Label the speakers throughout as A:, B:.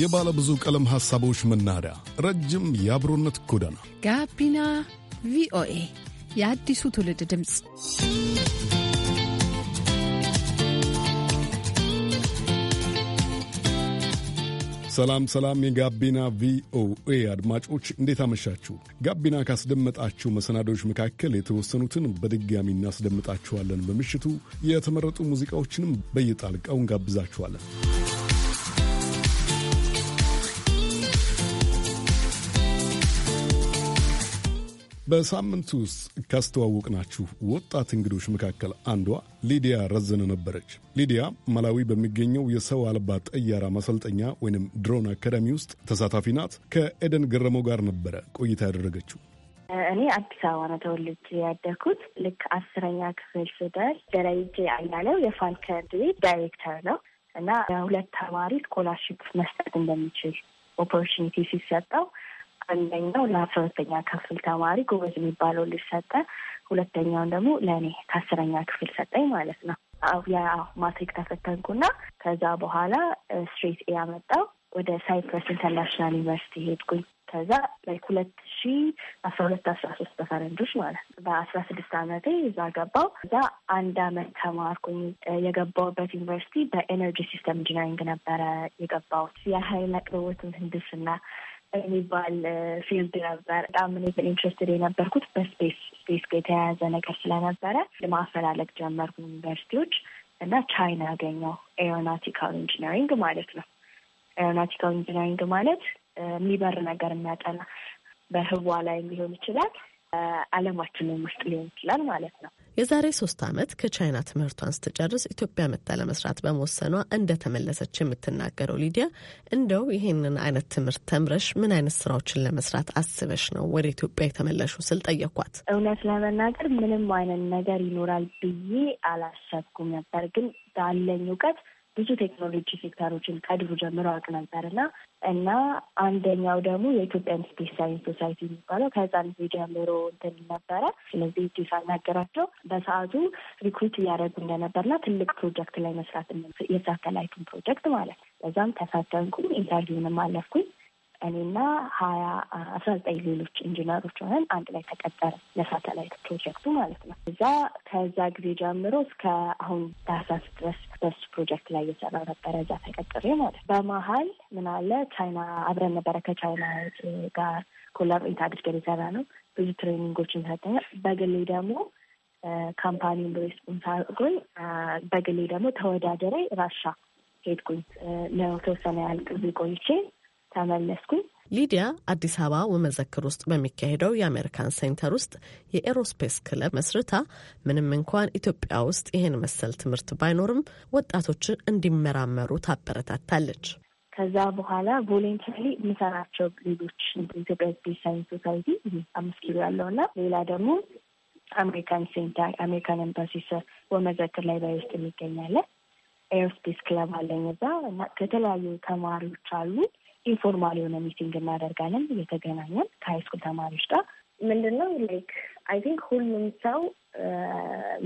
A: የባለ ብዙ ቀለም ሐሳቦች መናኸሪያ፣ ረጅም የአብሮነት ጎዳና
B: ጋቢና ቪኦኤ የአዲሱ ትውልድ ድምፅ።
A: ሰላም ሰላም፣ የጋቢና ቪኦኤ አድማጮች እንዴት አመሻችሁ? ጋቢና ካስደመጣችሁ መሰናዶች መካከል የተወሰኑትን በድጋሚ እናስደምጣችኋለን። በምሽቱ የተመረጡ ሙዚቃዎችንም በየጣልቃው እንጋብዛችኋለን። በሳምንቱ ውስጥ ካስተዋወቅናችሁ ወጣት እንግዶች መካከል አንዷ ሊዲያ ረዘነ ነበረች። ሊዲያ ማላዊ በሚገኘው የሰው አልባ ጠያራ ማሰልጠኛ ወይም ድሮን አካዳሚ ውስጥ ተሳታፊ ናት። ከኤደን ገረመው ጋር ነበረ ቆይታ ያደረገችው።
C: እኔ አዲስ አበባ ነው ተወልጄ ያደግኩት። ልክ አስረኛ ክፍል ስደር ደረጀ አያለው የፋልከን ቤት ዳይሬክተር ነው እና ለሁለት ተማሪ ስኮላርሽፕ መስጠት እንደሚችል ኦፖርቹኒቲ ሲሰጠው አንደኛው ለአስራ ሁለተኛ ክፍል ተማሪ ጎበዝ የሚባለው ልጅ ሰጠ። ሁለተኛውን ደግሞ ለእኔ ከአስረኛ ክፍል ሰጠኝ ማለት ነው። ማትሪክ ተፈተንኩና ከዛ በኋላ ስትሬት ኤ ያመጣው ወደ ሳይፕረስ ኢንተርናሽናል ዩኒቨርሲቲ ሄድኩኝ። ከዛ ላይ ሁለት ሺ አስራ ሁለት አስራ ሶስት በፈረንጆች ማለት ነው። በአስራ ስድስት አመቴ እዛ ገባው። እዛ አንድ አመት ተማርኩኝ። የገባውበት ዩኒቨርሲቲ በኤነርጂ ሲስተም ኢንጂነሪንግ ነበረ የገባሁት የሀይል አቅርቦት ህንድስና የሚባል ፊልድ ነበር። በጣም እኔ ኢንትረስትድ የነበርኩት በስፔስ ስፔስ ጋር የተያያዘ ነገር ስለነበረ ማፈላለግ ጀመርኩ ዩኒቨርሲቲዎች እና ቻይና ያገኘው ኤሮናቲካል ኢንጂነሪንግ ማለት ነው። ኤሮናቲካል ኢንጂነሪንግ ማለት የሚበር ነገር የሚያጠና በህዋ ላይ ሊሆን ይችላል፣ አለማችንም ውስጥ ሊሆን ይችላል ማለት ነው።
D: የዛሬ ሶስት ዓመት ከቻይና ትምህርቷን ስትጨርስ ኢትዮጵያ መጥታ ለመስራት በመወሰኗ እንደተመለሰች የምትናገረው ሊዲያ እንደው ይህንን አይነት ትምህርት ተምረሽ ምን አይነት ስራዎችን ለመስራት አስበሽ ነው ወደ ኢትዮጵያ የተመለሹ ስል ጠየኳት።
C: እውነት ለመናገር ምንም አይነት ነገር ይኖራል ብዬ አላሰብኩም ነበር ግን ባለኝ እውቀት ብዙ ቴክኖሎጂ ሴክተሮችን ከድሩ ጀምሮ አውቅ ነበር እና እና አንደኛው ደግሞ የኢትዮጵያን ስፔስ ሳይንስ ሶሳይቲ የሚባለው ከህፃን ጊዜ ጀምሮ እንትን ነበረ። ስለዚህ እጅ ሳናገራቸው በሰዓቱ ሪክሩት እያደረጉ እንደነበርና ትልቅ ፕሮጀክት ላይ መስራት የሳተላይቱን ፕሮጀክት ማለት በዛም ተፈተንኩኝ፣ ኢንተርቪውንም አለፍኩኝ። እኔና ሀያ አስራ ዘጠኝ ሌሎች ኢንጂነሮች ሆነን አንድ ላይ ተቀጠረ ለሳተላይት ፕሮጀክቱ ማለት ነው። እዛ ከዛ ጊዜ ጀምሮ እስከ አሁን ታህሳስ ድረስ በሱ ፕሮጀክት ላይ እየሰራ ነበረ እዛ ተቀጥሬ ማለት ነው። በመሀል ምን አለ ቻይና አብረን ነበረ ከቻይና ጋር ኮላብሬት አድርገን የሰራ ነው። ብዙ ትሬኒንጎችን ሰጠኛል። በግሌ ደግሞ ካምፓኒን ሬስፖንስ አድርጎኝ በግሌ ደግሞ ተወዳደሬ ራሻ ሄድኩኝ ለተወሰነ ያህል ጊዜ ቆይቼ ተመለስኩኝ።
D: ሊዲያ አዲስ አበባ ወመዘክር ውስጥ በሚካሄደው የአሜሪካን ሴንተር ውስጥ የኤሮስፔስ ክለብ መስርታ ምንም እንኳን ኢትዮጵያ ውስጥ ይህን መሰል ትምህርት ባይኖርም ወጣቶች እንዲመራመሩ ታበረታታለች።
C: ከዛ በኋላ ቮሌንተሪ የምሰራቸው ሌሎች ኢትዮጵያ ስፔስ ሳይንስ ሶሳይቲ አምስት ኪሎ ያለው እና ሌላ ደግሞ አሜሪካን ሴንተር አሜሪካን ኤምባሲ ወመዘክር ላይ ባይ ውስጥ የሚገኛለን ኤሮስፔስ ክለብ አለኝ እዛ እና ከተለያዩ ተማሪዎች አሉ ኢንፎርማል የሆነ ሚቲንግ እናደርጋለን እየተገናኘን ከሃይስኩል ተማሪዎች ጋር ምንድነው ላይክ አይ ቲንክ ሁሉም ሰው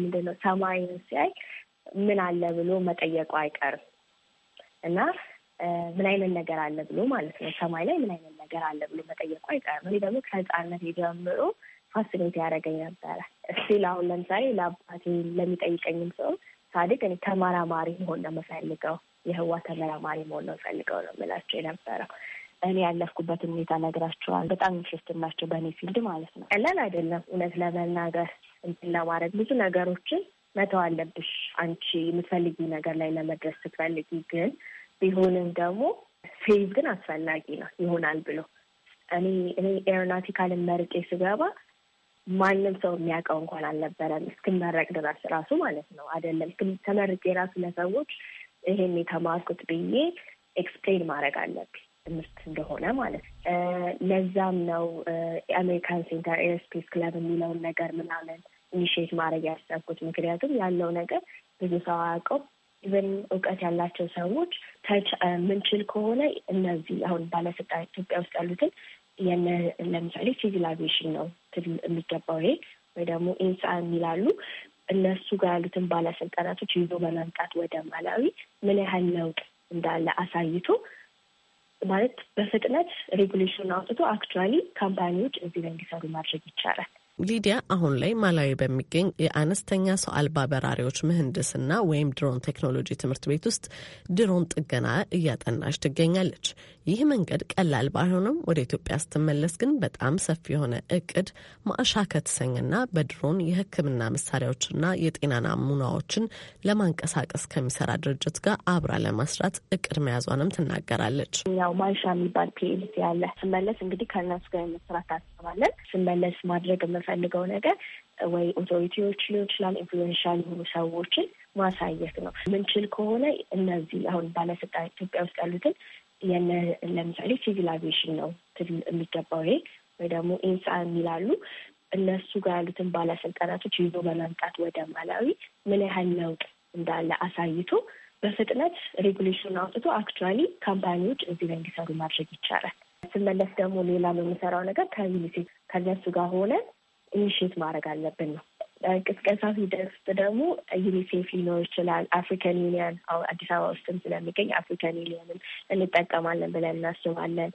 C: ምንድነው ሰማይን ሲያይ ምን አለ ብሎ መጠየቁ አይቀርም እና ምን አይነት ነገር አለ ብሎ ማለት ነው። ሰማይ ላይ ምን አይነት ነገር አለ ብሎ መጠየቁ አይቀርም። እኔ ደግሞ ከህፃነት ጀምሮ ፋሲሌት ያደረገኝ ነበረ። እስቲ አሁን ለምሳሌ ለአባቴ ለሚጠይቀኝም ሰው ሳድግ እኔ ተመራማሪ መሆን ነው የምፈልገው የህዋ ተመራማሪ መሆን ነው ፈልገው ነው የምላቸው የነበረው። እኔ ያለፍኩበትን ሁኔታ ነግራቸዋል። በጣም ኢንትረስትድ ናቸው በእኔ ፊልድ ማለት ነው። ቀላል አይደለም እውነት ለመናገር እንትን ለማድረግ ብዙ ነገሮችን መተው አለብሽ አንቺ የምትፈልጊ ነገር ላይ ለመድረስ ስትፈልጊ። ግን ቢሆንም ደግሞ ፌዝ ግን አስፈላጊ ነው ይሆናል ብሎ እኔ እኔ ኤሮናቲካልን መርቄ ስገባ ማንም ሰው የሚያውቀው እንኳን አልነበረም እስክመረቅ ድረስ ራሱ ማለት ነው። አይደለም ተመርቄ ራሱ ለሰዎች ይሄን የተማርኩት ብዬ ኤክስፕሌን ማድረግ አለብኝ ትምህርት እንደሆነ ማለት ነው። ለዛም ነው የአሜሪካን ሴንተር ኤርስፔስ ክለብ የሚለውን ነገር ምናምን ኢኒሽት ማድረግ ያሰብኩት። ምክንያቱም ያለው ነገር ብዙ ሰው አያውቀው። ኢቨን እውቀት ያላቸው ሰዎች ተች ምንችል ከሆነ እነዚህ አሁን ባለስልጣን ኢትዮጵያ ውስጥ ያሉትን የነ ለምሳሌ ሲቪል አቪዬሽን ነው የሚገባው ይሄ ወይ ደግሞ ኢንሳ የሚላሉ እነሱ ጋር ያሉትን ባለስልጣናቶች ይዞ በመምጣት ወደ ማላዊ ምን ያህል ለውጥ እንዳለ አሳይቶ ማለት በፍጥነት ሬጉሌሽን አውጥቶ አክቹዋሊ ካምፓኒዎች እዚህ ላይ እንዲሰሩ ማድረግ
D: ይቻላል። ሊዲያ አሁን ላይ ማላዊ በሚገኝ የአነስተኛ ሰው አልባ በራሪዎች ምህንድስና ወይም ድሮን ቴክኖሎጂ ትምህርት ቤት ውስጥ ድሮን ጥገና እያጠናች ትገኛለች። ይህ መንገድ ቀላል ባይሆንም ወደ ኢትዮጵያ ስትመለስ ግን በጣም ሰፊ የሆነ እቅድ ማዕሻ ከተሰኝና በድሮን የሕክምና መሳሪያዎችና የጤና ናሙናዎችን ለማንቀሳቀስ ከሚሰራ ድርጅት ጋር አብራ ለማስራት እቅድ መያዟንም ትናገራለች።
C: ያው ማዕሻ የሚባል ፒኤልሲ ያለ ስመለስ እንግዲህ ከእነሱ ጋር የመስራት ታስባለን። ስመለስ ማድረግ የምፈልገው ነገር ወይ ኦቶሪቲዎች ሊሆን ይችላል ኢንፍሉዌንሻል የሆኑ ሰዎችን ማሳየት ነው። ምንችል ከሆነ እነዚህ አሁን ባለስልጣን ኢትዮጵያ ውስጥ ያሉትን ለምሳሌ ሲቪል አቪዬሽን ነው የሚገባው ይሄ ወይ ደግሞ ኢንሳ የሚላሉ እነሱ ጋር ያሉትን ባለስልጣናቶች ይዞ በመምጣት ወደ ማላዊ ምን ያህል ለውጥ እንዳለ አሳይቶ በፍጥነት ሬጉሌሽን አውጥቶ አክቹዋሊ ካምፓኒዎች እዚህ ላይ እንዲሰሩ ማድረግ ይቻላል። ስመለስ ደግሞ ሌላ የምንሰራው ነገር ከሚኒሴ ከነሱ ጋር ሆነ ኢኒሽት ማድረግ አለብን ነው ቅስቀሳ ሲደርስ ደግሞ ዩኒሴፍ ሊኖር ይችላል። አፍሪካን ዩኒየን አዲስ አበባ ውስጥም ስለሚገኝ አፍሪካን ዩኒየንን እንጠቀማለን ብለን እናስባለን።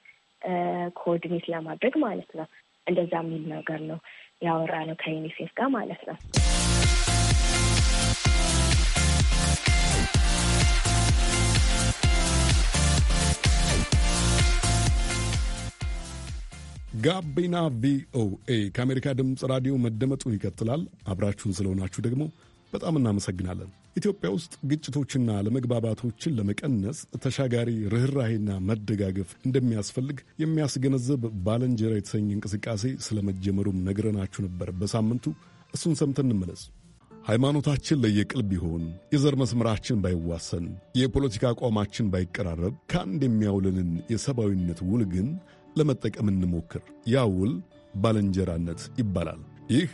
C: ኮኦርዲኔት ለማድረግ ማለት ነው። እንደዛ የሚል ነገር ነው ያወራ ነው ከዩኒሴፍ ጋር ማለት ነው።
A: ጋቢና ቪኦኤ ከአሜሪካ ድምፅ ራዲዮ መደመጡን ይቀጥላል። አብራችሁን ስለሆናችሁ ደግሞ በጣም እናመሰግናለን። ኢትዮጵያ ውስጥ ግጭቶችና ለመግባባቶችን ለመቀነስ ተሻጋሪ ርኅራሄና መደጋገፍ እንደሚያስፈልግ የሚያስገነዝብ ባለንጀራ የተሰኘ እንቅስቃሴ ስለመጀመሩም ነግረናችሁ ነበር በሳምንቱ። እሱን ሰምተን እንመለስ። ሃይማኖታችን ለየቅል ቢሆን የዘር መስመራችን ባይዋሰን የፖለቲካ አቋማችን ባይቀራረብ ከአንድ የሚያውልንን የሰብአዊነት ውል ግን ለመጠቀም እንሞክር። ያ ውል ባልንጀራነት ይባላል። ይህ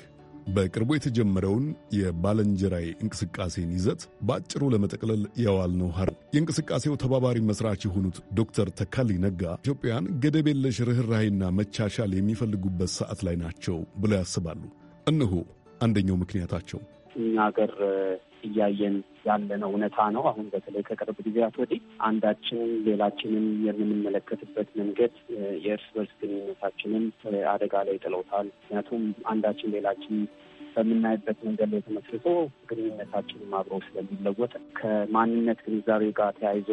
A: በቅርቡ የተጀመረውን የባልንጀራዬ እንቅስቃሴን ይዘት በአጭሩ ለመጠቅለል ነው ሀር የእንቅስቃሴው ተባባሪ መስራች የሆኑት ዶክተር ተካሊ ነጋ ኢትዮጵያን ገደብ የለሽ ርኅራሄና መቻሻል የሚፈልጉበት ሰዓት ላይ ናቸው ብለው ያስባሉ። እነሆ አንደኛው ምክንያታቸው
E: እኛ ሀገር እያየን ያለነው እውነታ ነው። አሁን በተለይ ከቅርብ ጊዜያት ወዲህ አንዳችንን ሌላችንን የምንመለከትበት መንገድ የእርስ በርስ ግንኙነታችንን አደጋ ላይ ጥለውታል። ምክንያቱም አንዳችን ሌላችን በምናይበት መንገድ ላይ ተመስርቶ ግንኙነታችን አብሮ ስለሚለወጥ ከማንነት ግንዛቤ ጋር ተያይዞ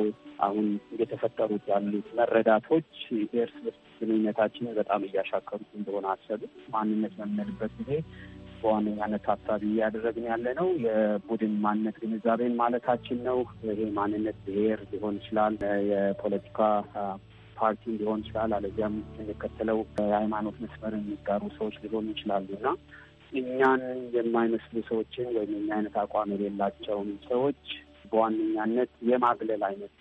E: አሁን እየተፈጠሩት ያሉት መረዳቶች የእርስ በርስ ግንኙነታችንን በጣም እያሻከሩት እንደሆነ አሰብ ማንነት በምንልበት ጊዜ በዋነኛነት ታሳቢ እያደረግን ያለ ነው የቡድን ማንነት ግንዛቤን ማለታችን ነው። ይሄ ማንነት ብሔር ሊሆን ይችላል፣ የፖለቲካ ፓርቲ ሊሆን ይችላል፣ አለዚያም የሚከተለው የሃይማኖት መስመር የሚጋሩ ሰዎች ሊሆኑ ይችላሉ እና እኛን የማይመስሉ ሰዎችን ወይም የኛ አይነት አቋም የሌላቸውን ሰዎች በዋነኛነት የማግለል አይነት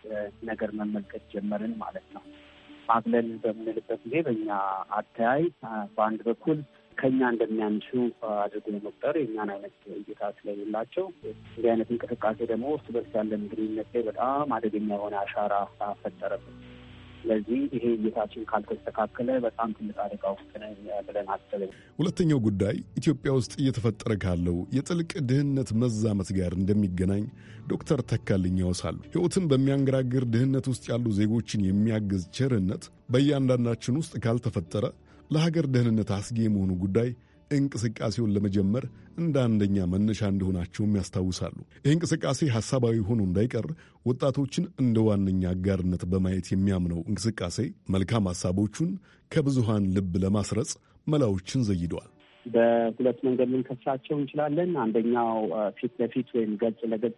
E: ነገር መመልከት ጀመርን ማለት ነው። ማግለል በምንልበት ጊዜ በእኛ አተያይ በአንድ በኩል ከኛ እንደሚያንሱ አድርጎ መቁጠር የኛን አይነት እይታ ስለሌላቸው እንዲህ አይነት እንቅስቃሴ ደግሞ እርስ በርስ ያለን ግንኙነት ላይ በጣም አደገኛ የሆነ አሻራ አፈጠረብን። ስለዚህ ይሄ እይታችን ካልተስተካከለ በጣም ትልቅ አደጋ ውስጥ ነን ብለን አስበን።
A: ሁለተኛው ጉዳይ ኢትዮጵያ ውስጥ እየተፈጠረ ካለው የጥልቅ ድህነት መዛመት ጋር እንደሚገናኝ ዶክተር ተካልኝ ያወሳሉ። ሕይወትን በሚያንገራግር ድህነት ውስጥ ያሉ ዜጎችን የሚያግዝ ቸርነት በእያንዳንዳችን ውስጥ ካልተፈጠረ ለሀገር ደህንነት አስጊ የመሆኑ ጉዳይ እንቅስቃሴውን ለመጀመር እንደ አንደኛ መነሻ እንደሆናቸውም ያስታውሳሉ። ይህ እንቅስቃሴ ሀሳባዊ ሆኖ እንዳይቀር ወጣቶችን እንደ ዋነኛ አጋርነት በማየት የሚያምነው እንቅስቃሴ መልካም ሀሳቦቹን ከብዙሃን ልብ ለማስረጽ መላዎችን ዘይደዋል።
E: በሁለት መንገድ ልንከፍላቸው እንችላለን። አንደኛው ፊት ለፊት ወይም ገጽ ለገጽ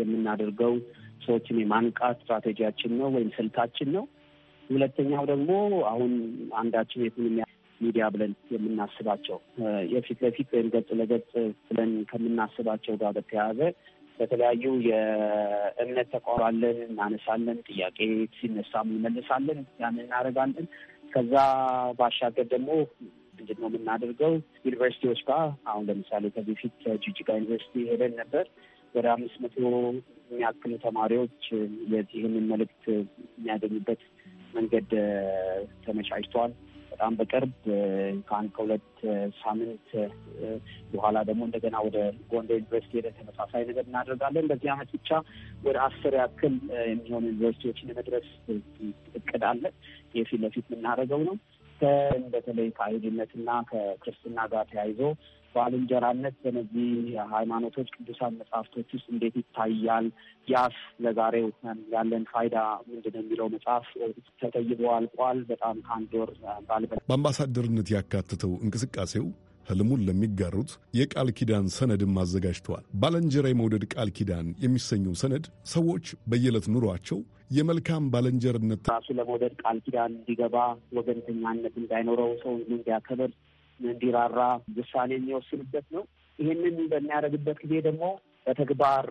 E: የምናደርገው ሰዎችን የማንቃት ስትራቴጂያችን ነው ወይም ስልታችን ነው። ሁለተኛው ደግሞ አሁን አንዳችን የትም ሚዲያ ብለን የምናስባቸው የፊት ለፊት ወይም ገጽ ለገጽ ብለን ከምናስባቸው ጋር በተያያዘ በተለያዩ የእምነት ተቋም አለን፣ እናነሳለን፣ ጥያቄ ሲነሳ እንመልሳለን፣ ያን እናደርጋለን። ከዛ ባሻገር ደግሞ ምንድን ነው የምናደርገው ዩኒቨርሲቲዎች ጋር አሁን ለምሳሌ ከዚህ በፊት ጂጂጋ ዩኒቨርሲቲ ሄደን ነበር። ወደ አምስት መቶ የሚያክሉ ተማሪዎች የዚህን መልእክት የሚያገኙበት መንገድ ተመቻችቷል። በጣም በቅርብ ከአንድ ከሁለት ሳምንት በኋላ ደግሞ እንደገና ወደ ጎንደር ዩኒቨርሲቲ ሄደን ተመሳሳይ ነገር እናደርጋለን። በዚህ ዓመት ብቻ ወደ አስር ያክል የሚሆኑ ዩኒቨርሲቲዎችን የመድረስ እቅድ አለን። ፊት ለፊት የምናደርገው ነው። በተለይ ከአይሁድነትና ከክርስትና ጋር ተያይዞ ባልንጀራነት በነዚህ ሃይማኖቶች ቅዱሳን መጽሐፍቶች ውስጥ እንዴት ይታያል? ያስ ለዛሬው ያለን ፋይዳ ምንድን ነው የሚለው መጽሐፍ ተጠይቦ አልቋል። በጣም ከአንድ ወር ባልበ
A: በአምባሳደርነት ያካትተው እንቅስቃሴው ህልሙን ለሚጋሩት የቃል ኪዳን ሰነድም አዘጋጅተዋል። ባለንጀራ የመውደድ ቃል ኪዳን የሚሰኘው ሰነድ ሰዎች በየዕለት ኑሯቸው የመልካም ባለንጀርነት ራሱ
E: ለመውደድ ቃል ኪዳን እንዲገባ፣ ወገንተኛነት እንዳይኖረው፣ ሰው እንዲያከብር፣ እንዲራራ ውሳኔ የሚወስንበት ነው። ይህንን በሚያደርግበት ጊዜ ደግሞ በተግባር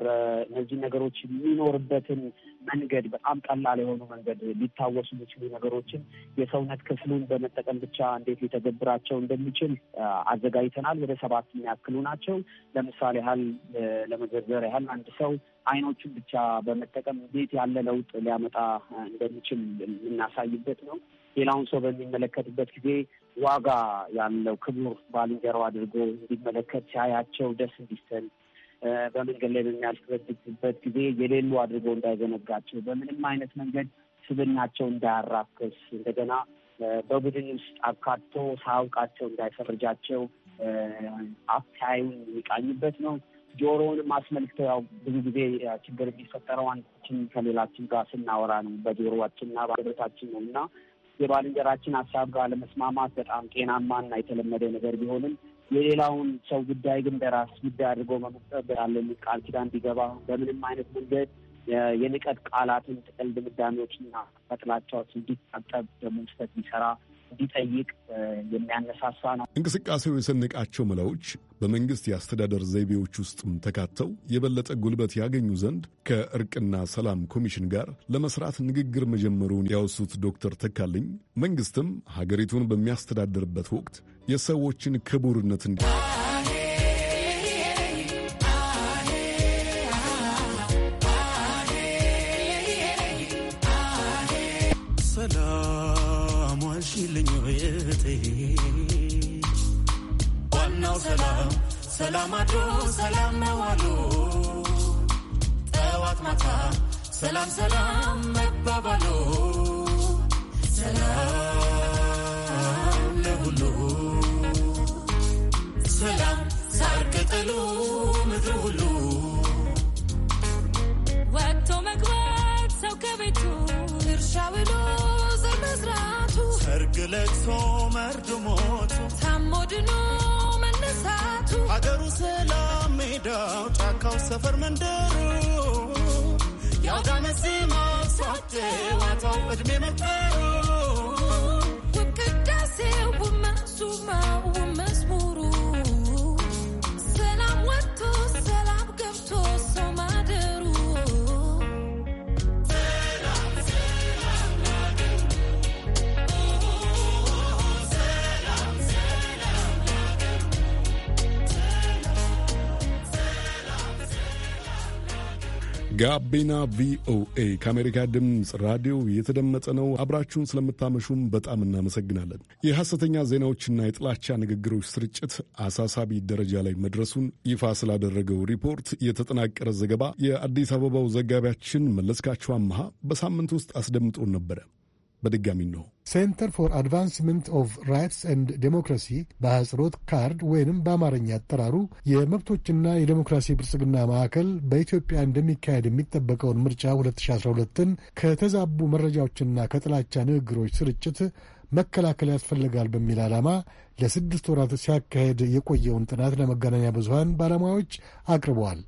E: እነዚህ ነገሮች የሚኖርበትን መንገድ በጣም ቀላል የሆኑ መንገድ ሊታወሱ የሚችሉ ነገሮችን የሰውነት ክፍሉን በመጠቀም ብቻ እንዴት ሊተገብራቸው እንደሚችል አዘጋጅተናል። ወደ ሰባት የሚያክሉ ናቸው። ለምሳሌ ያህል ለመዘርዘር ያህል አንድ ሰው አይኖቹን ብቻ በመጠቀም እንዴት ያለ ለውጥ ሊያመጣ እንደሚችል የምናሳይበት ነው። ሌላውን ሰው በሚመለከትበት ጊዜ ዋጋ ያለው ክቡር ባልንጀራው አድርጎ እንዲመለከት ሲያያቸው ደስ እንዲሰል በመንገድ ላይ በሚያልፍበት ጊዜ የሌሉ አድርጎ እንዳይዘነጋቸው በምንም አይነት መንገድ ስብናቸው እንዳያራክስ እንደገና በቡድን ውስጥ አካቶ ሳያውቃቸው እንዳይፈርጃቸው አታዩን የሚቃኝበት ነው። ጆሮውንም አስመልክቶ ያው ብዙ ጊዜ ችግር የሚፈጠረው አንዳችን ከሌላችን ጋር ስናወራ ነው። በጆሮዋችንና በአንደበታችን ነው እና የባልንጀራችን ሀሳብ ጋር ለመስማማት በጣም ጤናማና የተለመደ ነገር ቢሆንም የሌላውን ሰው ጉዳይ ግን በራስ ጉዳይ አድርጎ መመጠብ ያለ የሚል ቃል ኪዳን ቢገባ በምንም አይነት መንገድ የንቀት ቃላትን፣ ጥቅል ድምዳሜዎችና ፈጥላቻዎች እንዲታጠብ ደግሞ ስህተት ሊሰራ እንዲጠይቅ የሚያነሳሳ ነው።
A: እንቅስቃሴው የሰነቃቸው መላዎች በመንግስት የአስተዳደር ዘይቤዎች ውስጥም ተካተው የበለጠ ጉልበት ያገኙ ዘንድ ከእርቅና ሰላም ኮሚሽን ጋር ለመስራት ንግግር መጀመሩን ያወሱት ዶክተር ተካልኝ መንግስትም ሀገሪቱን በሚያስተዳድርበት ወቅት የሰዎችን ክቡርነት እንዲ
F: ሰላም አድሮ ሰላም መዋሉ ጠዋት ማታ ሰላም ሰላም መባባሉ
A: ሰላም ለሁሉ ሰላም ሳር ቅጠሉ ምድር ሁሉ
B: ወጥቶ መግባት ሰው ከቤቱ እርሻ ብሎ
G: ዘር
F: መዝራቱ
A: ሰርግ ለቅሶ መርድ ሞቱ
F: ታሞ እሳቱ አገሩ ሰላም ሜዳው ጫካው ሰፈር መንደሩ ያውዳመሴ ማሳቴ ዋታው እድሜ
D: መጠሩ ውቅዳሴ ውመ ውመ
A: ጋቢና ቪኦኤ ከአሜሪካ ድምፅ ራዲዮ የተደመጠ ነው። አብራችሁን ስለምታመሹም በጣም እናመሰግናለን። የሐሰተኛ ዜናዎችና የጥላቻ ንግግሮች ስርጭት አሳሳቢ ደረጃ ላይ መድረሱን ይፋ ስላደረገው ሪፖርት የተጠናቀረ ዘገባ የአዲስ አበባው ዘጋቢያችን መለስካቸው አመሃ በሳምንት ውስጥ አስደምጦን ነበረ። በድጋሚ ነው። ሴንተር ፎር አድቫንስመንት ኦፍ ራይትስ ኤንድ ዴሞክራሲ
G: በአጽሮት ካርድ ወይንም በአማርኛ አጠራሩ የመብቶችና የዴሞክራሲ ብልጽግና ማዕከል በኢትዮጵያ እንደሚካሄድ የሚጠበቀውን ምርጫ 2012ን ከተዛቡ መረጃዎችና ከጥላቻ ንግግሮች ስርጭት መከላከል ያስፈልጋል በሚል ዓላማ ለስድስት ወራት ሲያካሄድ የቆየውን ጥናት ለመገናኛ ብዙሀን ባለሙያዎች አቅርበዋል።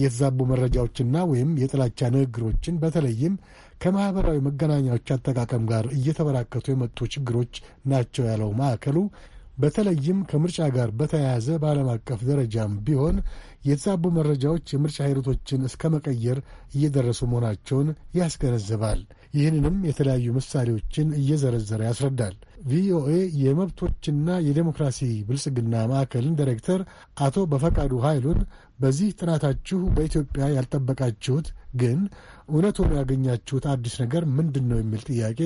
G: የተዛቡ መረጃዎችና ወይም የጥላቻ ንግግሮችን በተለይም ከማኅበራዊ መገናኛዎች አጠቃቀም ጋር እየተበራከቱ የመጡ ችግሮች ናቸው ያለው ማዕከሉ በተለይም ከምርጫ ጋር በተያያዘ በዓለም አቀፍ ደረጃም ቢሆን የተዛቡ መረጃዎች የምርጫ ሂደቶችን እስከ መቀየር እየደረሱ መሆናቸውን ያስገነዝባል። ይህንንም የተለያዩ ምሳሌዎችን እየዘረዘረ ያስረዳል። ቪኦኤ የመብቶችና የዴሞክራሲ ብልጽግና ማዕከልን ዳይሬክተር አቶ በፈቃዱ ኃይሉን በዚህ ጥናታችሁ በኢትዮጵያ ያልጠበቃችሁት ግን እውነት ሆኖ ያገኛችሁት አዲስ ነገር ምንድን ነው የሚል ጥያቄ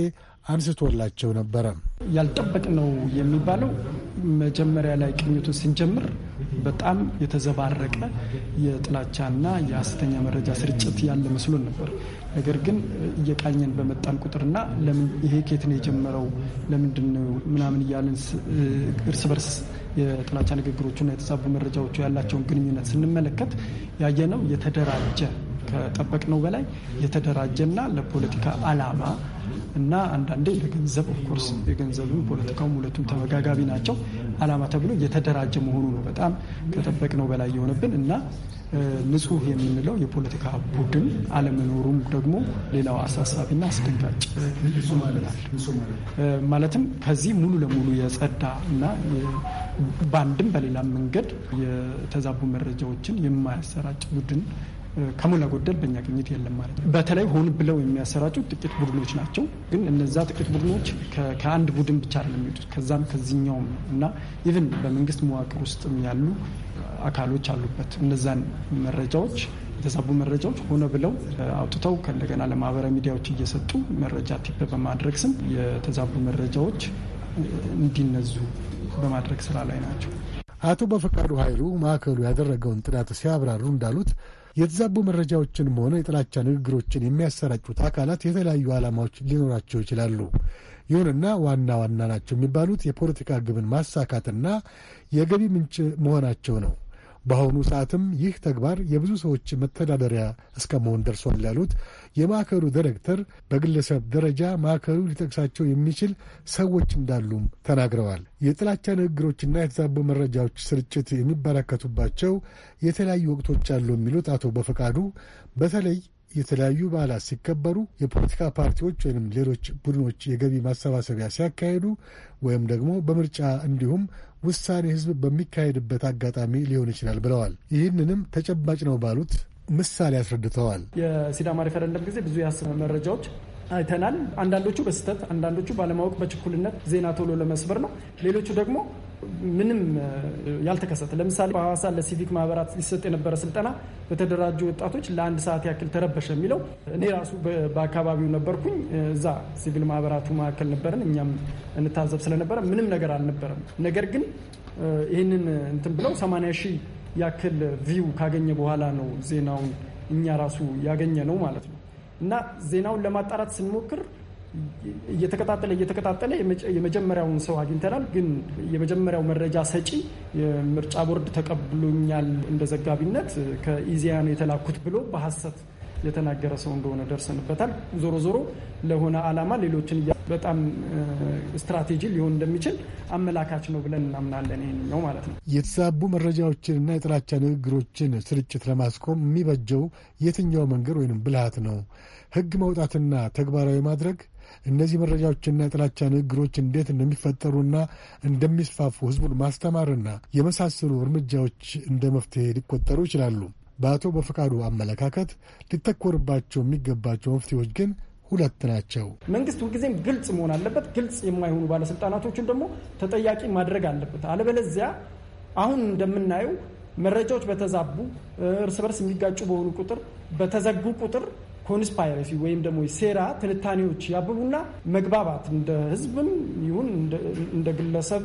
G: አንስቶላቸው ነበረ። ያልጠበቅ ነው የሚባለው መጀመሪያ
F: ላይ ቅኝቱን ስንጀምር በጣም የተዘባረቀ የጥላቻና የሐሰተኛ መረጃ ስርጭት ያለ መስሎን ነበር። ነገር ግን እየቃኘን በመጣን ቁጥርና ለምን ይሄ ኬት ነው የጀመረው ለምንድን ነው ምናምን እያለን እርስ በርስ የጥላቻ ንግግሮቹና የተዛቡ መረጃዎቹ ያላቸውን ግንኙነት ስንመለከት ያየነው የተደራጀ ከጠበቅነው በላይ የተደራጀና ለፖለቲካ አላማ እና አንዳንዴ ለገንዘብ ኦፍኮርስ የገንዘብም ፖለቲካውም ሁለቱም ተመጋጋቢ ናቸው አላማ ተብሎ የተደራጀ መሆኑ ነው በጣም ከጠበቅነው በላይ የሆነብን እና ንጹህ የምንለው የፖለቲካ ቡድን አለመኖሩም ደግሞ ሌላው አሳሳቢና አስደንጋጭ ማለትም ከዚህ ሙሉ ለሙሉ የጸዳ እና በአንድም በሌላ መንገድ የተዛቡ መረጃዎችን የማያሰራጭ ቡድን ከሞላ ጎደል በእኛ ግኝት የለም ማለት ነው። በተለይ ሆን ብለው የሚያሰራጩት ጥቂት ቡድኖች ናቸው። ግን እነዛ ጥቂት ቡድኖች ከአንድ ቡድን ብቻ አይደለም የሚወጡት ከዛም ከዚህኛውም ነው እና ኢቭን በመንግስት መዋቅር ውስጥም ያሉ አካሎች አሉበት። እነዛን መረጃዎች የተዛቡ መረጃዎች ሆነ ብለው አውጥተው ከእንደገና ለማህበራዊ ሚዲያዎች እየሰጡ መረጃ ቲፕ
G: በማድረግ ስም የተዛቡ መረጃዎች እንዲነዙ በማድረግ ስራ ላይ ናቸው። አቶ በፈቃዱ ኃይሉ ማዕከሉ ያደረገውን ጥናት ሲያብራሩ እንዳሉት የተዛቡ መረጃዎችንም ሆነ የጥላቻ ንግግሮችን የሚያሰራጩት አካላት የተለያዩ ዓላማዎች ሊኖራቸው ይችላሉ። ይሁንና ዋና ዋና ናቸው የሚባሉት የፖለቲካ ግብን ማሳካትና የገቢ ምንጭ መሆናቸው ነው። በአሁኑ ሰዓትም ይህ ተግባር የብዙ ሰዎች መተዳደሪያ እስከ መሆን ደርሷል ያሉት የማዕከሉ ዲሬክተር በግለሰብ ደረጃ ማዕከሉ ሊጠቅሳቸው የሚችል ሰዎች እንዳሉም ተናግረዋል። የጥላቻ ንግግሮችና የተዛቡ መረጃዎች ስርጭት የሚበራከቱባቸው የተለያዩ ወቅቶች አሉ የሚሉት አቶ በፈቃዱ በተለይ የተለያዩ በዓላት ሲከበሩ የፖለቲካ ፓርቲዎች ወይም ሌሎች ቡድኖች የገቢ ማሰባሰቢያ ሲያካሂዱ ወይም ደግሞ በምርጫ እንዲሁም ውሳኔ ህዝብ በሚካሄድበት አጋጣሚ ሊሆን ይችላል ብለዋል። ይህንንም ተጨባጭ ነው ባሉት ምሳሌ አስረድተዋል።
F: የሲዳማ ሪፈረንደም ጊዜ ብዙ የሀሰት መረጃዎች አይተናል። አንዳንዶቹ በስህተት አንዳንዶቹ ባለማወቅ በችኩልነት ዜና ቶሎ ለመስበር ነው። ሌሎቹ ደግሞ ምንም ያልተከሰተ ለምሳሌ በሐዋሳ ለሲቪክ ማህበራት ሊሰጥ የነበረ ስልጠና በተደራጁ ወጣቶች ለአንድ ሰዓት ያክል ተረበሸ የሚለው እኔ ራሱ በአካባቢው ነበርኩኝ። እዛ ሲቪል ማህበራቱ መካከል ነበርን። እኛም እንታዘብ ስለነበረ ምንም ነገር አልነበረም። ነገር ግን ይህንን እንትን ብለው ሰማንያ ሺህ ያክል ቪው ካገኘ በኋላ ነው ዜናውን እኛ ራሱ ያገኘ ነው ማለት ነው። እና ዜናውን ለማጣራት ስንሞክር እየተቀጣጠለ እየተቀጣጠለ የመጀመሪያውን ሰው አግኝተናል። ግን የመጀመሪያው መረጃ ሰጪ የምርጫ ቦርድ ተቀብሎኛል እንደ ዘጋቢነት ከኢዜአ ነው የተላኩት ብሎ በሀሰት የተናገረ ሰው እንደሆነ ደርሰንበታል። ዞሮ ዞሮ ለሆነ አላማ ሌሎችን በጣም ስትራቴጂ ሊሆን እንደሚችል አመላካች ነው ብለን እናምናለን። ነው ማለት
G: ነው የተዛቡ መረጃዎችንና የጥላቻ ንግግሮችን ስርጭት ለማስቆም የሚበጀው የትኛው መንገድ ወይንም ብልሃት ነው? ህግ መውጣትና ተግባራዊ ማድረግ እነዚህ መረጃዎችና የጥላቻ ንግግሮች እንዴት እንደሚፈጠሩና እንደሚስፋፉ ህዝቡን ማስተማርና የመሳሰሉ እርምጃዎች እንደ መፍትሄ ሊቆጠሩ ይችላሉ። በአቶ በፈቃዱ አመለካከት ሊተኮርባቸው የሚገባቸው መፍትሄዎች ግን ሁለት ናቸው።
F: መንግስት ሁልጊዜም ግልጽ መሆን አለበት። ግልጽ የማይሆኑ ባለስልጣናቶችን ደግሞ ተጠያቂ ማድረግ አለበት። አለበለዚያ አሁን እንደምናየው መረጃዎች በተዛቡ እርስ በርስ የሚጋጩ በሆኑ ቁጥር በተዘጉ ቁጥር ኮንስፓይረሲ ወይም ደግሞ ሴራ ትንታኔዎች ያብቡና መግባባት እንደ ህዝብም ይሁን እንደ ግለሰብ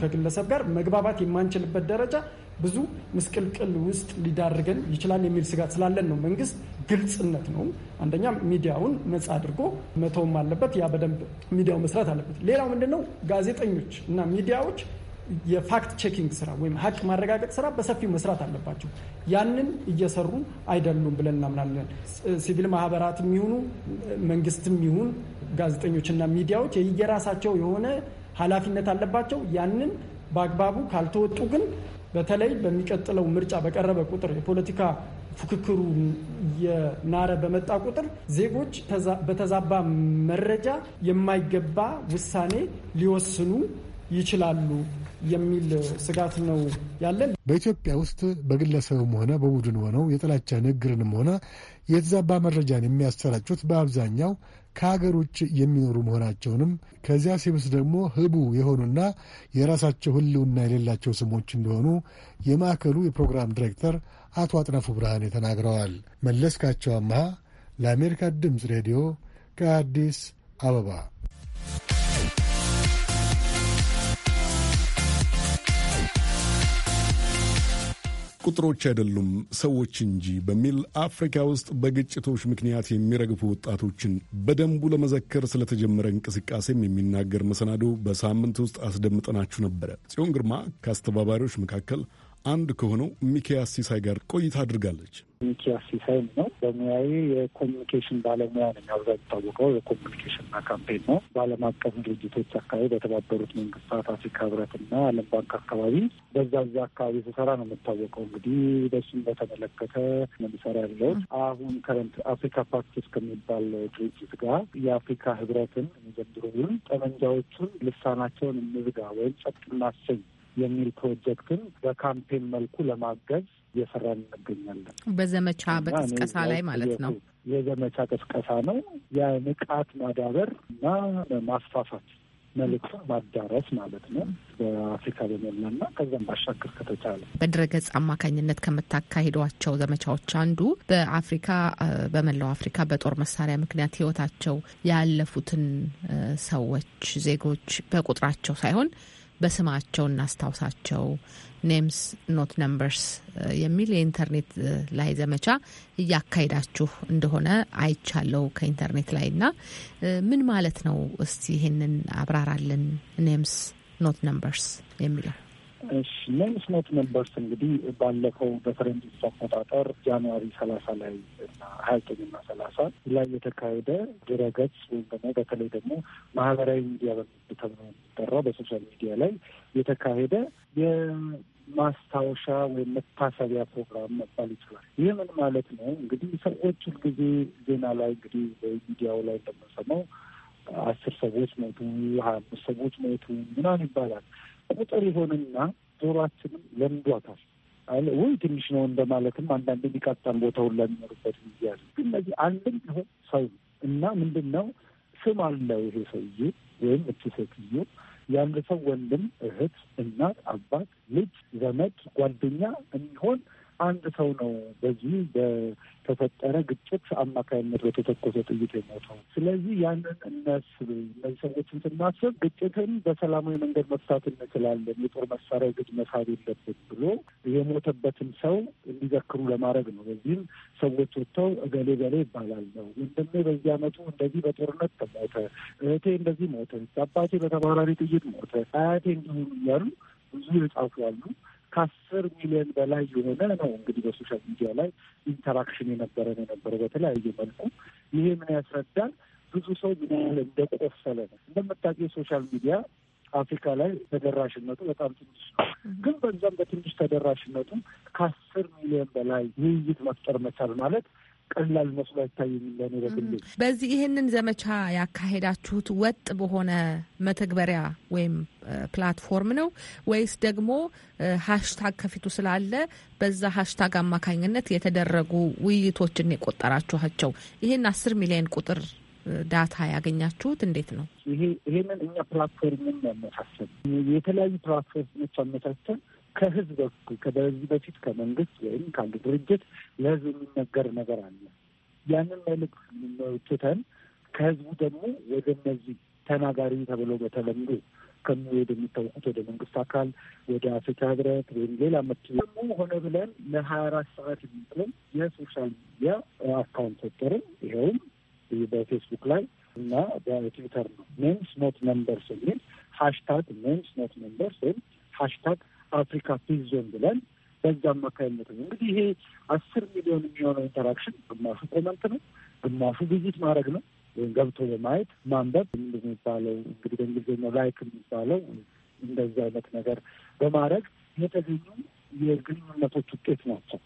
F: ከግለሰብ ጋር መግባባት የማንችልበት ደረጃ ብዙ ምስቅልቅል ውስጥ ሊዳርገን ይችላል የሚል ስጋት ስላለን ነው። መንግስት ግልጽነት ነው አንደኛ ሚዲያውን ነጻ አድርጎ መተውም አለበት። ያ በደንብ ሚዲያው መስራት አለበት። ሌላው ምንድነው ጋዜጠኞች እና ሚዲያዎች የፋክት ቼኪንግ ስራ ወይም ሀቅ ማረጋገጥ ስራ በሰፊው መስራት አለባቸው። ያንን እየሰሩ አይደሉም ብለን እናምናለን። ሲቪል ማህበራት የሚሆኑ መንግስትም ይሁን ጋዜጠኞችና ሚዲያዎች የየራሳቸው የሆነ ኃላፊነት አለባቸው። ያንን በአግባቡ ካልተወጡ ግን በተለይ በሚቀጥለው ምርጫ በቀረበ ቁጥር የፖለቲካ ፉክክሩ የናረ በመጣ ቁጥር ዜጎች በተዛባ መረጃ የማይገባ ውሳኔ ሊወስኑ ይችላሉ የሚል ስጋት ነው ያለን።
G: በኢትዮጵያ ውስጥ በግለሰብም ሆነ በቡድን ሆነው የጥላቻ ንግግርንም ሆነ የተዛባ መረጃን የሚያሰራጩት በአብዛኛው ከሀገር ውጭ የሚኖሩ መሆናቸውንም ከዚያ ሲብስ ደግሞ ህቡ የሆኑና የራሳቸው ህልውና የሌላቸው ስሞች እንደሆኑ የማዕከሉ የፕሮግራም ዲሬክተር አቶ አጥናፉ ብርሃኔ ተናግረዋል። መለስካቸው አምሃ ለአሜሪካ ድምፅ ሬዲዮ ከአዲስ አበባ
A: ቁጥሮች አይደሉም ሰዎች እንጂ በሚል አፍሪካ ውስጥ በግጭቶች ምክንያት የሚረግፉ ወጣቶችን በደንቡ ለመዘከር ስለተጀመረ እንቅስቃሴም የሚናገር መሰናዶ በሳምንት ውስጥ አስደምጠናችሁ ነበረ። ጽዮን ግርማ ከአስተባባሪዎች መካከል አንድ ከሆነው ሚኪያስ ሲሳይ ጋር ቆይታ አድርጋለች።
E: ሚኪያስ ሲሳይ ነው። በሙያዬ የኮሚኒኬሽን ባለሙያ ነኝ። አብዛ የሚታወቀው የኮሚኒኬሽንና ካምፔን ነው። በዓለም አቀፍ ድርጅቶች አካባቢ በተባበሩት መንግስታት፣ አፍሪካ ህብረትና ዓለም ባንክ አካባቢ በዛ ዚ አካባቢ ስሰራ ነው የምታወቀው። እንግዲህ በሱም በተመለከተ
G: ምንሰራ ያለውን
E: አሁን ከረንት አፍሪካ ፓርቲስ ከሚባል ድርጅት ጋር የአፍሪካ ህብረትን ዘንድሮውን ጠመንጃዎቹን ልሳናቸውን እንዝጋ ወይም ጸጥ እናሰኝ የሚል ፕሮጀክትን በካምፔን መልኩ ለማገዝ እየሰራን እንገኛለን። በዘመቻ በቅስቀሳ ላይ ማለት ነው። የዘመቻ ቅስቀሳ ነው። የንቃት ማዳበር እና ማስፋፋት መልእክት ማዳረስ ማለት ነው። በአፍሪካ በመላና ከዛም ባሻገር ከተቻለ
B: በድረገጽ አማካኝነት ከምታካሂዷቸው ዘመቻዎች አንዱ በአፍሪካ በመላው አፍሪካ በጦር መሳሪያ ምክንያት ሕይወታቸው ያለፉትን ሰዎች ዜጎች በቁጥራቸው ሳይሆን በስማቸው እናስታውሳቸው ኔምስ ኖት ነምበርስ የሚል የኢንተርኔት uh, ላይ ዘመቻ እያካሄዳችሁ እንደሆነ አይቻለው ከኢንተርኔት ላይ እና uh, ምን ማለት ነው? እስቲ ይህንን አብራራልን። ኔምስ ኖት ነምበርስ የሚለው
E: እሺ ሜን ስሞት ሜምበርስ እንግዲህ ባለፈው በፈረንጆች አቆጣጠር ጃንዋሪ ሰላሳ ላይ እና ሀያ ዘጠኝና ሰላሳ ላይ የተካሄደ ድረገጽ ወይም ደግሞ በተለይ ደግሞ ማህበራዊ ሚዲያ ተብሎ የሚጠራው በሶሻል ሚዲያ ላይ የተካሄደ የማስታወሻ ወይም መታሰቢያ ፕሮግራም መባል ይችላል። ይህ ምን ማለት ነው? እንግዲህ ሰዎች ሁልጊዜ ዜና ላይ እንግዲህ በሚዲያው ላይ እንደምንሰማው አስር ሰዎች ሞቱ፣ ሀያ አምስት ሰዎች ሞቱ ምናምን ይባላል። ቁጥር ይሆንና ጆሯችንም ለምዷታል ወይ ትንሽ ነው እንደማለትም አንዳንድ የሚቃጣን ቦታውን ለሚኖርበት የሚኖርበት ጊዜ አለ። ግን እነዚህ አንድም ቢሆን ሰው እና ምንድን ነው ስም አለው ይሄ ሰውዬ ወይም እቺ ሴትዮ ያንድ ሰው ወንድም፣ እህት፣ እናት፣ አባት፣ ልጅ፣ ዘመድ፣ ጓደኛ የሚሆን አንድ ሰው ነው በዚህ በተፈጠረ ግጭት አማካይነት በተተኮሰ ጥይት የሞተው። ስለዚህ ያንን እናስብ። እነዚህ ሰዎችን ስናስብ ግጭትን በሰላማዊ መንገድ መፍታት እንችላለን፣ የጦር መሳሪያ ግድ መሳብ የለብን ብሎ የሞተበትን ሰው እንዲዘክሩ ለማድረግ ነው። በዚህም ሰዎች ወጥተው እገሌ ገሌ ይባላል ነው ወንድሜ በዚህ አመቱ እንደዚህ በጦርነት ተሞተ፣ እህቴ እንደዚህ ሞተ፣ አባቴ በተባራሪ ጥይት ሞተ፣ አያቴ እንዲሆኑ እያሉ ብዙ የጻፉ አሉ። ከአስር ሚሊዮን በላይ የሆነ ነው እንግዲህ በሶሻል ሚዲያ ላይ ኢንተራክሽን የነበረን የነበረው በተለያየ መልኩ። ይሄ ምን ያስረዳል? ብዙ ሰው ምን ያህል እንደቆሰለ ነው። እንደምታውቂው ሶሻል ሚዲያ አፍሪካ ላይ ተደራሽነቱ በጣም ትንሽ ነው። ግን በዛም በትንሽ ተደራሽነቱ ከአስር ሚሊዮን በላይ ውይይት መፍጠር መቻል ማለት ቀላል መስሎ አይታይም። ለእኔ በግሌ።
B: በዚህ ይህንን ዘመቻ ያካሄዳችሁት ወጥ በሆነ መተግበሪያ ወይም ፕላትፎርም ነው ወይስ ደግሞ ሀሽታግ ከፊቱ ስላለ በዛ ሀሽታግ አማካኝነት የተደረጉ ውይይቶችን የቆጠራችኋቸው? ይህን አስር ሚሊዮን ቁጥር ዳታ ያገኛችሁት እንዴት ነው? ይሄንን እኛ ፕላትፎርምን ያመቻቸን የተለያዩ ፕላትፎርሞች አመቻቸን
E: ከህዝብ በኩል ከበዚህ በፊት ከመንግስት ወይም ከአንድ ድርጅት ለህዝብ የሚነገር ነገር አለ። ያንን መልዕክት ትተን ከህዝቡ ደግሞ ወደ እነዚህ ተናጋሪ ተብሎ በተለምዶ ከሚሄድ የሚታወቁት ወደ መንግስት አካል ወደ አፍሪካ ህብረት ወይም ሌላ መት ደግሞ ሆነ ብለን ለሀያ አራት ሰዓት የሚቆም የሶሻል ሚዲያ አካውንት ፈጠርን። ይኸውም በፌስቡክ ላይ እና በትዊተር ነው። ሜንስ ኖት ነምበርስ የሚል ሀሽታግ ሜንስ ኖት ነምበርስ ወይም ሀሽታግ አፍሪካ ፒስ ዞን ብለን በዛ አማካኝነት ነው እንግዲህ ይሄ አስር ሚሊዮን የሚሆነው ኢንተራክሽን ግማሹ ኮመንት ነው፣ ግማሹ ቪዚት ማድረግ ነው ወይም ገብቶ በማየት ማንበብ የሚባለው እንግዲህ በእንግሊዝኛው ላይክ የሚባለው እንደዚህ አይነት ነገር በማድረግ የተገኙ የግንኙነቶች ውጤት ናቸው።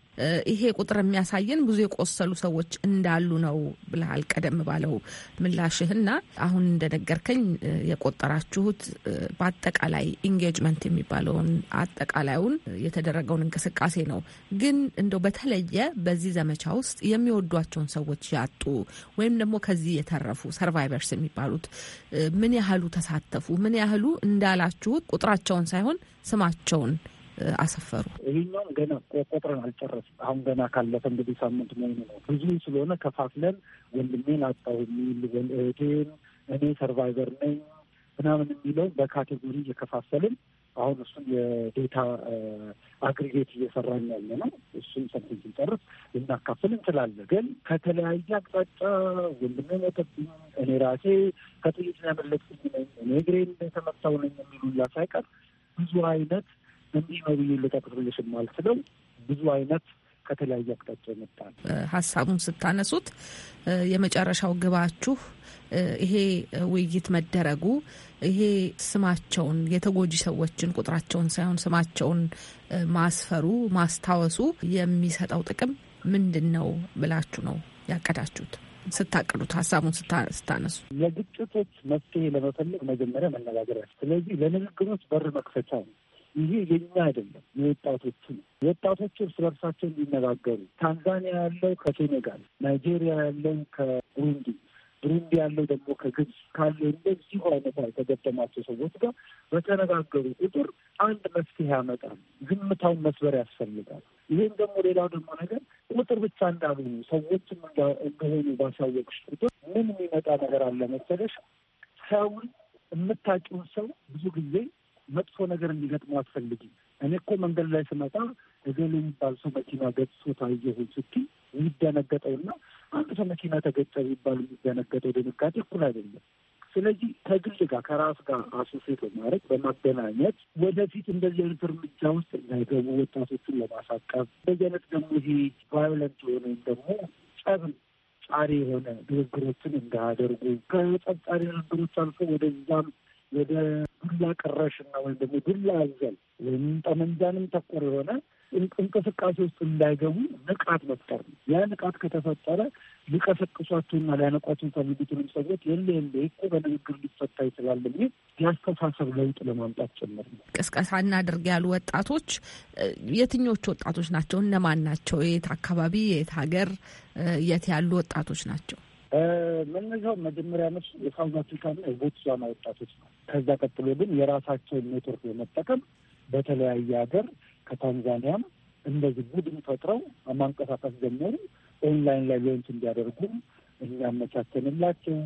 B: ይሄ ቁጥር የሚያሳየን ብዙ የቆሰሉ ሰዎች እንዳሉ ነው ብለሃል ቀደም ባለው ምላሽህና አሁን እንደነገርከኝ የቆጠራችሁት በአጠቃላይ ኢንጌጅመንት የሚባለውን አጠቃላዩን የተደረገውን እንቅስቃሴ ነው። ግን እንደው በተለየ በዚህ ዘመቻ ውስጥ የሚወዷቸውን ሰዎች ያጡ ወይም ደግሞ ከዚህ የተረፉ ሰርቫይቨርስ የሚባሉት ምን ያህሉ ተሳተፉ? ምን ያህሉ እንዳላችሁት ቁጥራቸውን ሳይሆን ስማቸውን አሰፈሩ።
E: ይህኛውም ገና ቆጥረን አልጨረስም። አሁን ገና ካለፈ እንግዲህ ሳምንት መሆኑ ነው። ብዙ ስለሆነ ከፋፍለን ወንድሜን አጣሁ የሚል እህቴን፣ እኔ ሰርቫይቨር ነኝ ምናምን የሚለው በካቴጎሪ እየከፋፈልን አሁን እሱን የዴታ አግሪጌት እየሰራን ያለ ነው። እሱን ሰምተን ስንጨርስ ልናካፍል እንችላለን። ግን ከተለያየ አቅጣጫ ወንድሜ ሞተብኝ፣ እኔ ራሴ ከጥይት ያመለጥኩኝ ነኝ፣ እኔ እግሬን የተመታው ነኝ የሚሉላ ሳይቀር ብዙ አይነት እንዲህ ነው ብዬ ልጠቅስልሽ የማልችለው ብዙ አይነት ከተለያየ አቅጣጫ ይመጣል።
B: ሀሳቡን ስታነሱት የመጨረሻው ግባችሁ ይሄ ውይይት መደረጉ ይሄ ስማቸውን የተጎጂ ሰዎችን ቁጥራቸውን ሳይሆን ስማቸውን ማስፈሩ ማስታወሱ የሚሰጠው ጥቅም ምንድን ነው ብላችሁ ነው ያቀዳችሁት? ስታቅዱት ሀሳቡን ስታነሱ
E: የግጭቶች መፍትሄ ለመፈለግ መጀመሪያ መነጋገር ስለዚህ ለንግግሮች በር መክፈቻ ነው። ይሄ የኛ አይደለም፣ የወጣቶቹ ነው። ወጣቶቹ እርስ በርሳቸው እንዲነጋገሩ ታንዛኒያ ያለው ከሴኔጋል፣ ናይጄሪያ ያለው ከቡሩንዲ ብሩንዲ ያለው ደግሞ ከግብጽ ካለ እንደዚሁ አይነት የተገጠማቸው ሰዎች ጋር በተነጋገሩ ቁጥር አንድ መፍትሄ ያመጣል። ዝምታውን መስበር ያስፈልጋል። ይህም ደግሞ ሌላው ደግሞ ነገር ቁጥር ብቻ እንዳልሆኑ ሰዎችም እንደሆኑ ባሳወቅሽ ቁጥር ምን የሚመጣ ነገር አለ መሰለሽ ሰውን የምታውቂውን ሰው ብዙ ጊዜ መጥፎ ነገር እንዲገጥሙ አትፈልጊም። እኔ እኮ መንገድ ላይ ስመጣ እገሌ የሚባል ሰው መኪና ገጭቶ ታየሁኝ የሚደነገጠው የሚደነገጠውና አንድ ሰው መኪና ተገጨ የሚባል የሚደነገጠው ድንጋጤ እኩል አይደለም። ስለዚህ ከግል ጋር ከራስ ጋር አሶሴት በማድረግ በማገናኘት ወደፊት እንደዚህ አይነት እርምጃ ውስጥ እንዳይገቡ ወጣቶችን ለማሳቀፍ እንደዚህ አይነት ደግሞ ይሄ ቫዮለንት የሆነ ወይም ደግሞ ጸብን ጫሪ የሆነ ንግግሮችን እንዳያደርጉ ከጸብ ጫሪ ንግግሮች አልፎ ወደዛም ወደ ዱላ ቀረሽና ወይም ደግሞ ዱላ አዘል ወይም ጠመንጃንም ተኮር የሆነ እንቅስቃሴ ውስጥ እንዳይገቡ ንቃት መፍጠር ነው። ያ ንቃት ከተፈጠረ ሊቀሰቅሷቸውና ሊያነቋቸው ከሚሉትንም ሰዎች የለ የለ እኮ በንግግር ሊፈታ ይችላል የሚል ያስተሳሰብ ለውጥ
B: ለማምጣት ጭምር ነው። ቅስቀሳ እናድርግ ያሉ ወጣቶች የትኞቹ ወጣቶች ናቸው? እነማን ናቸው? የት አካባቢ፣ የት ሀገር፣ የት ያሉ ወጣቶች ናቸው?
E: መነሻው መጀመሪያ ነሱ የሳውዝ አፍሪካና የቦትስዋና ወጣቶች ነው። ከዛ ቀጥሎ ግን የራሳቸውን ኔትወርክ በመጠቀም በተለያየ ሀገር ከታንዛኒያም እንደዚህ ቡድን ፈጥረው ማንቀሳቀስ ጀመሩ። ኦንላይን ላይ ሎንች እንዲያደርጉ እያመቻቸንላቸው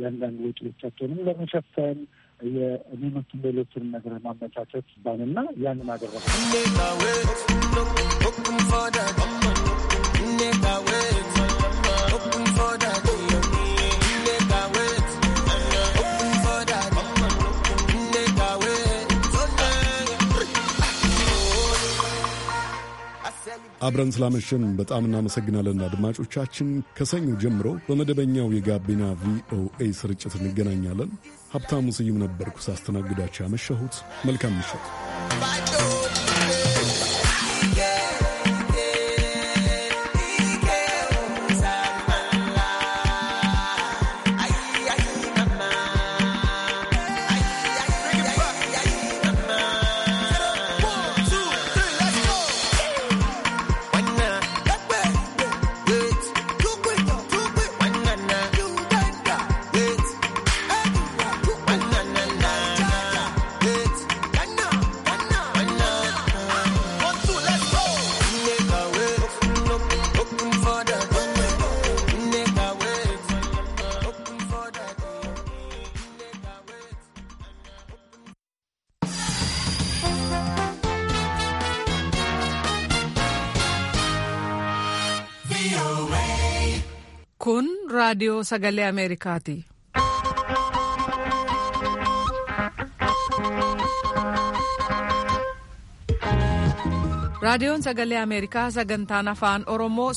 E: የአንዳንድ ወጪዎቻቸውንም ለመሸፈን የኔኖችን ሌሎችን ነገር ማመቻቸት ባንና ያንን አደረገ።
A: አብረን ስላመሸን በጣም እናመሰግናለን አድማጮቻችን። ከሰኞ ጀምሮ በመደበኛው የጋቢና ቪኦኤ ስርጭት እንገናኛለን። ሀብታሙ ስዩም ነበርኩ ሳስተናግዳችሁ ያመሸሁት። መልካም ምሽት።
B: raadiyoo sagalee ameerikaati. raadiyoon sagalee ameerikaa sagantaan afaan oromoo